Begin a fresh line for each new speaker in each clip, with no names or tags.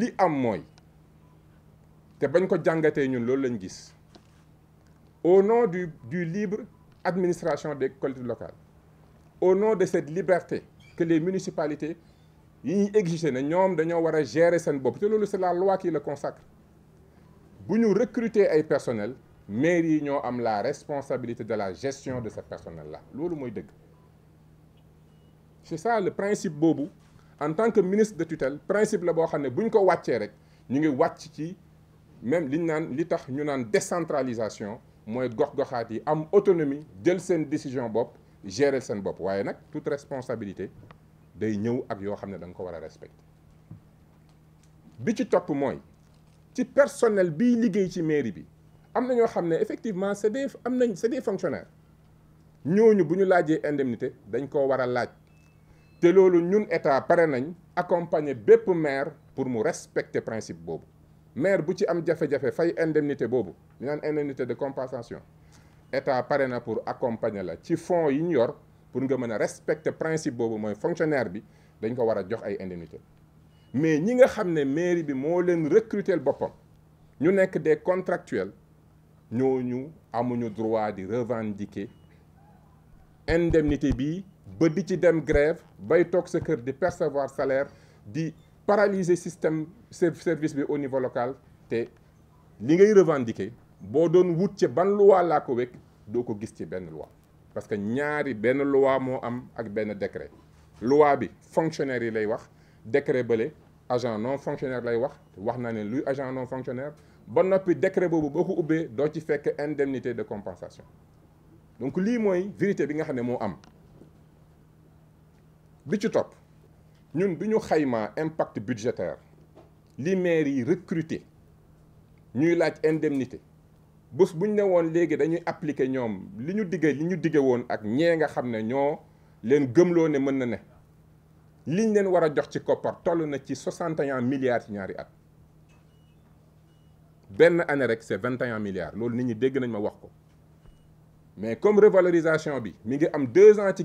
li am moy té bañ ko jangaté ñun loolu lañ gis au nom du du libre administration des collectivités locales au nom de cette liberté que les municipalités yi ñuy exiger ne ñoom dañoo gérer sen bop té loolu c'est la loi qui le consacre Si nous recruter ay personnel maires yi ñoo am la responsabilité de la gestion de ce personnel là loolu moy dëgg c'est ça le principe bobu en tant que ministre de tutelle principe la boo xam ne bu ñu ko wàccee rek ñu ngi wàcc ci même liñ naan li tax ñu naan décentralisation mooy gox-goxaat yi am autonomie jël seen décision bopp gérer sen bop waaye nak toute responsabilité day ñëw ak yo xam ne ko wara respecter bi ci top moy ci personnel bi liggéey ci mairie bi amna na ñoo xam effectivement c'est des am c'est des fonctionnaires ñooñu buñu ñu indemnité dañ ko wara a laaj te loolu ñun état pare nañ accompagner bépp maire pour mu respecter principe boobu maire bu ci am jafe-jafe fay indemnité boobu ñu naan indemnité de compensation état pare pour accompagner la ci fonds yi pour nga mën a respecter principe boobu mooy fonctionnaire bi dañ ko war jox ay indemnité mais ñi nga xam mairie bi moo leen recruter boppam ñu nekk des contractuels ñooñu amuñu droit di revendiquer indemnité bi ba di ci dem grève bay toog sa kër di percevoir salaire di paralyser système service bi au niveau local te li ngay revendiquer boo doon wut ci ban loi laa ko wekk doo ko gis ci benn loi parce que ñaari benn loi moo am ak benn décret loi bi fonctionnaire yi lay wax décret bële agent non fonctionnaire lay wax wax na ne luy agent non fonctionnaire ba noppi décret boobu boo ko ubbee doo ci fekk indemnité de compensation donc lii mooy vérité bi nga xam ne moo am bi ci nous ñun impact budgétaire li recruter ñuy laaj indemnité Nous buñ ne Nous dañuy appliquer ñom liñu diggé liñu Nous ak nga leen 61 milliards ñaari at année rek c'est 21 milliards loolu nit ñi dégg nañ mais comme revalorisation bi mi am deux ans ci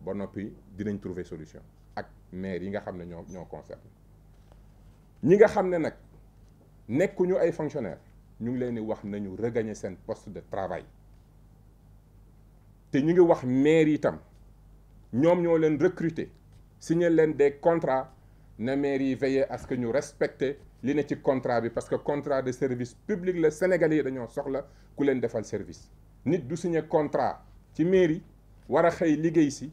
ba noppi dinañ trouver solution ak maire yi nga xamné ne ñoo ñoo concerné ñi nga xamné nak nag nekkuñu ay fonctionnaires ñu ngi leen wax nañu regagner sen poste de travail té ñi ngi wax maire itam ñom ñoo leen recruter signer leen des contrats na maire yi veiller à ce que ñu respecter li ne ci contrat bi parce que contrat de service public le Sénégalais yi dañoo soxla ku leen defal service nit du signer contrat ci mairie war a xëy liggéey si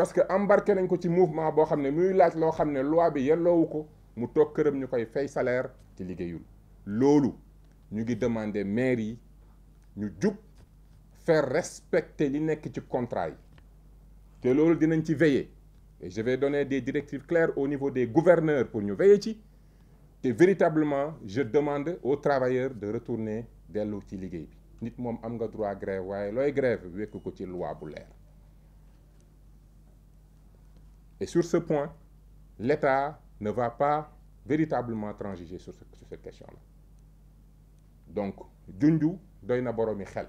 parce que embarqué nañ ko mouvement bo xamné muy laaj loi bi mu salaire ci ligéyul que nous ngi demander maire yi faire respecter li ci contrat yi dinañ et je vais donner des directives claires au niveau des gouverneurs pour ñu veiller ci véritablement je demande aux travailleurs de retourner vers ci ligéy nit mom am grève mais loy grève ko loi et sur ce point, l'État ne va pas véritablement transiger sur, cette question-là. Donc, d'une Doyna Boromi Khel.